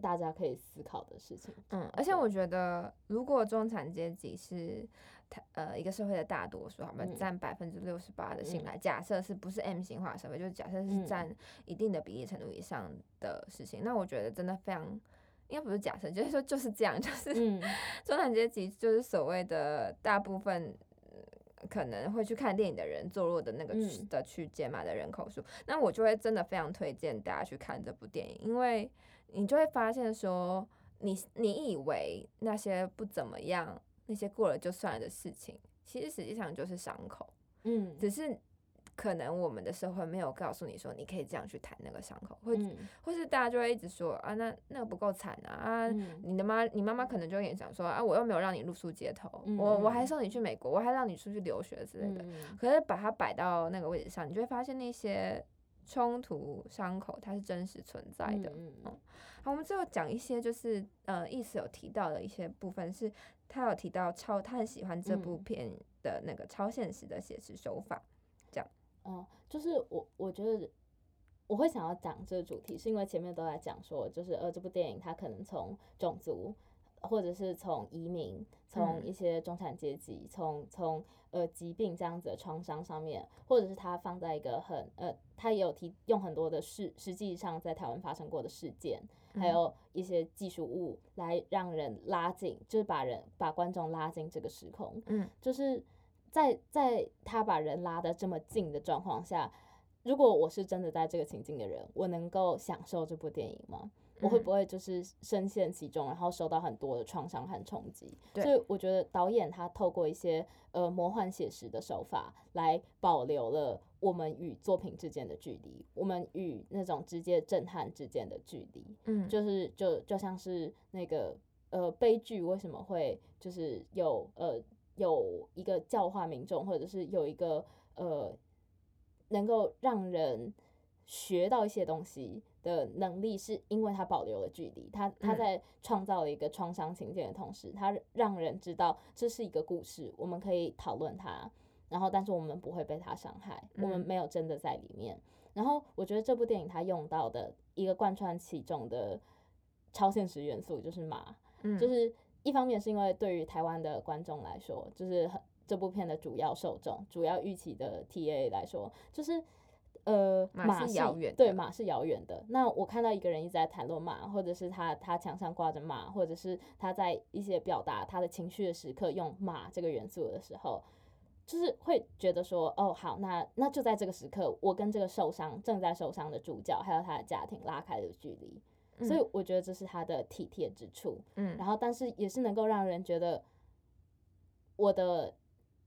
大家可以思考的事情。嗯，而且我覺得，如果中產階級是，呃，一個社會的大多數，我們佔百分之六十八的信賴、嗯，假設是不是 M 型化社會，嗯、就是假設是佔一定的比例程度以上的事情，嗯、那我覺得真的非常，應該不是假設，就是說就是這樣，就是、嗯、 中產階級就是所謂的大部分。可能會去看電影的人坐落的那個區的區間嘛的人口數，嗯，那我就會真的非常推薦大家去看這部電影，因為你就會發現說你，你你以為那些不怎麼樣，那些過了就算了的事情，其實實際上就是傷口，嗯，只是。可能我們的社會沒有告訴你說，你可以這樣去談那個傷口，或、嗯、或是大家就會一直說啊，那那個不夠慘啊啊、嗯！你的媽，你媽媽可能就也想說啊，我又沒有讓你露宿街頭，嗯、我我還送你去美國，我還讓你出去留學之類的。嗯、可是把它擺到那個位置上，你就會發現那些衝突傷口它是真實存在的。嗯，嗯嗯好，我們最後講一些就是呃，亦慈有提到的一些部分是，他有提到超，他很喜歡這部片的那個超現實的寫實手法，嗯、這樣。嗯，就是我我覺得我會想要講這個主題，是因為前面都在講說，就是呃這部電影它可能從種族，或者是從移民，從一些中產階級，從從呃疾病這樣子的創傷上面，或者是它放在一個很呃，它也有提用很多的事，實際上在台灣發生過的事件，還有一些技術物來讓人拉近，就是把人把觀眾拉進這個時空，嗯，就是。在在他把人拉得這麼近的狀況下，如果我是真的在這個情境的人，我能夠享受這部電影嗎？我會不會就是深陷其中，然後受到很多的創傷和衝擊？嗯、所以我覺得導演他透過一些呃魔幻寫實的手法來保留了我們與作品之間的距離，我們與那種直接震撼之間的距離。嗯、就是，就是就就像是那個呃悲劇為什麼會就是有呃。有一個教化民眾，或者是有一個呃，能夠讓人學到一些東西的能力，是因為它保留了距離。它它在創造了一個創傷情節的同時，它讓人知道這是一個故事，我們可以討論它。然後，但是我們不會被它傷害、嗯，我們沒有真的在裡面。然後，我覺得這部電影它用到的一個貫穿其中的超現實元素就是馬、嗯，就是。一方面是因為對於台灣的觀眾來說，就是這部片的主要受眾、主要預期的 TA 來說，就是呃馬是遙遠，對馬是遙遠的。那我看到一個人一直在談論馬，或者是他他牆上掛着馬，或者是他在一些表達他的情緒的時刻用馬這個元素的時候，就是會覺得說，哦好，那那就在這個時刻，我跟這個受傷、正在受傷的主角還有他的家庭拉開的距離。所以我覺得這是他的體貼之處，嗯，然後但是也是能夠讓人覺得我的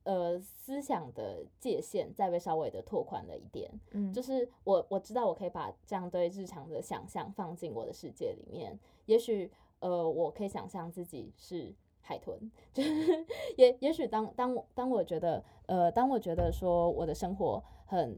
呃思想的界限再被稍微的拓寬了一點，嗯，就是我我知道我可以把這樣對日常的想象放進我的世界裡面，也許呃我可以想象自己是海豚，就是，也也許當當我當我覺得呃當我覺得說我的生活很。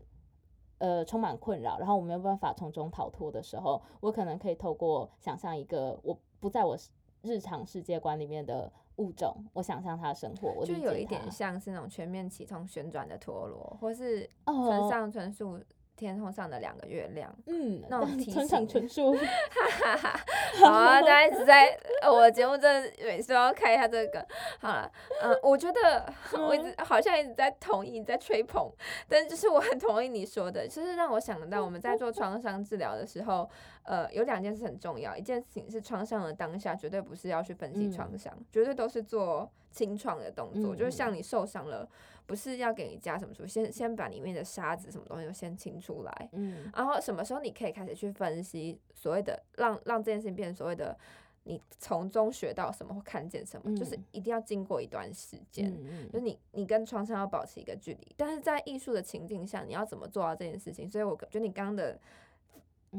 呃，充滿困擾，然後我沒有辦法從中逃脫的時候，我可能可以透過想象一個我不在我日常世界觀裡面的物種，我想象它的生活我覺得，就有一點像是那種全面啟動旋轉的陀螺，或是船上船速。Oh. 天空上的兩個月亮，嗯，那我提醒陳述：嗯、哈，哈哈哈。好啊，大家一直在，我的節目真的每次都要看一下這個。好了，嗯，我覺得、嗯、我一直好像一直在同意，在吹捧，但就是我很同意你說的，就是讓我想到我們在做創傷治療的時候，嗯、呃，有兩件事很重要，一件事情是創傷的當下絕對不是要去分析創傷、嗯，絕對都是做清創的動作，嗯、就是像你受傷了。不是要給你加什麼書，先先把裡面的沙子什麼東西先清出來，嗯，然後什麼時候你可以開始去分析所謂的讓讓這件事情變成所謂的你從中學到什麼或看見什麼，嗯，就是一定要經過一段時間，嗯嗯，就是、你你跟創傷要保持一個距離，但是在藝術的情境下，你要怎麼做到這件事情？所以我覺得你剛剛的。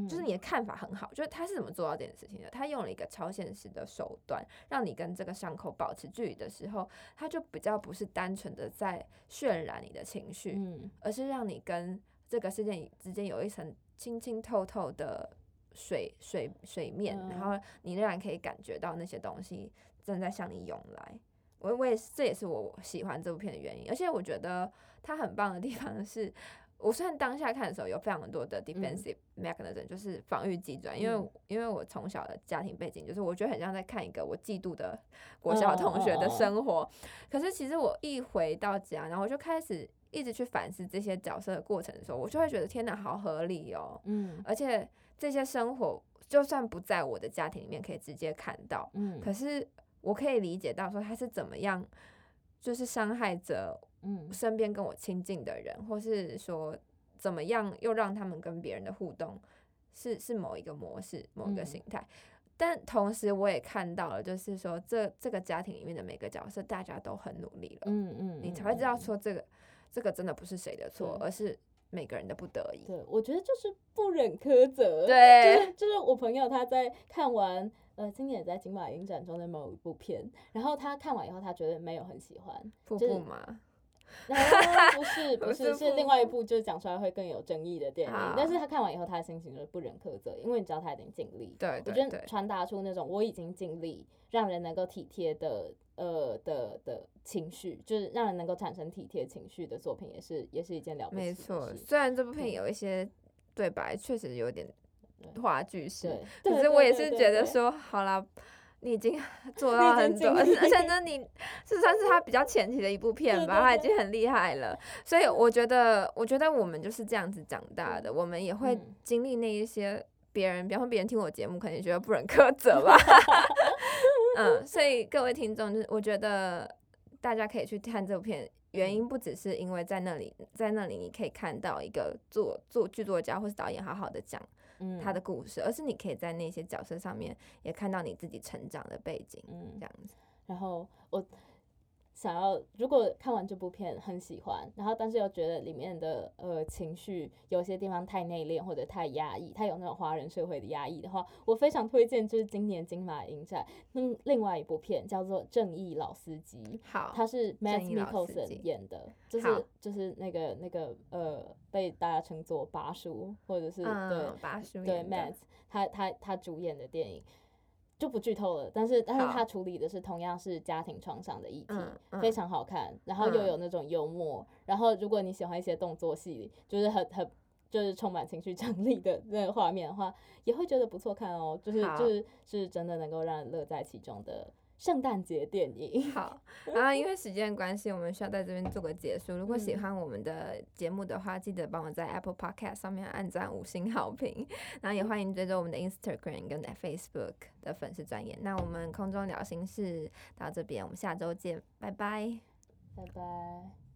就是你的看法很好，就是他是怎麼做到這件事情的？他用了一個超現實的手段，讓你跟這個傷口保持距離的時候，他就比較不是單純的在渲染你的情緒，嗯，而是讓你跟這個世界之間有一層清清透透的水水水面，嗯，然後你仍然可以感覺到那些東西正在向你湧來。我我也這也是我喜歡這部片的原因，而且我覺得他很棒的地方是。我算當下看的時候有非常多的 defensive mechanism，、嗯、就是防禦機制，因為因為我從小的家庭背景，就是我覺得很像在看一個我嫉妒的國小同學的生活哦哦哦哦哦。可是其實我一回到家，然後我就開始一直去反思這些角色的過程的時候，我就會覺得天哪，好合理哦。嗯，而且這些生活就算不在我的家庭裡面可以直接看到，嗯，可是我可以理解到說他是怎麼樣，就是傷害着。嗯，身邊跟我親近的人，或是說怎麼樣，又讓他們跟別人的互動是是某一個模式，某一個形態、嗯。但同時，我也看到了，就是說這這個家庭裡面的每個角色，大家都很努力了。嗯嗯，你才會知道說這個這個真的不是誰的錯、嗯，而是每個人的不得已。對，我覺得就是不忍苛責。對，就是就是我朋友他在看完呃今年在金馬影展中的某一部片，然後他看完以後，他覺得沒有很喜歡。就是瀑布嘛。然 後 不是不是，是另外一部，就是講出來會更有爭議的電影。但是他看完以後，他的心情就是不忍苛責，因為你知道他一定盡力。對，對，對，我覺得傳達出那種我已經盡力，讓人能夠體貼的，呃的的情緒，就是讓人能夠產生體貼情緒的作品，也是也是一件了不起的事。沒錯，雖然這部片有一些、嗯、對白確實有點話劇式，可是我也是覺得說，好啦。你已經做到很多，而且呢，你這、啊、算是他比較前期的一部片吧，他已經很厲害了。所以我覺得，我覺得我們就是這樣子長大的，嗯、我們也會經歷那一些別人，比方說別人聽我節目，可能也覺得不忍苛責吧。 嗯，所以各位聽眾，就是我覺得大家可以去看這部片，原因不只是因為在那裡，在那裡你可以看到一個作作劇作家或是導演好好的講。他的故事，而是你可以在那些角色上面也看到你自己成長的背景，嗯、這樣子。然後我想要如果看完這部片很喜歡，然後但是又覺得裡面的呃情緒有些地方太內斂或者太壓抑，他有那種華人社會的壓抑的話，我非常推薦就是今年金馬影展、嗯、另外一部片叫做《正義老司機》，好，它是 Matt Nicholson 演的，就是就是那個那個呃被大家稱作巴叔或者是、嗯、對巴叔對 Matt，他他他主演的電影。就不劇透了，但是但是他處理的是同樣是家庭創傷的議題，嗯嗯，非常好看，然後又有那種幽默，嗯、然後如果你喜歡一些動作戲，就是很很就是充滿情緒張力的那個畫面的話，也會覺得不錯看哦、喔，就是就是、就是真的能夠讓人樂在其中的。聖誕節電影好，然後因為時間關係， 我們需要在這邊做個結束。如果喜歡我們的節目的話，記得幫我在 Apple Podcast 上面按讚五星好評。然後也歡迎追蹤我們的 Instagram 跟的 Facebook 的粉絲專頁。那我們空中療心室到這邊，我們下周見，拜拜，拜拜。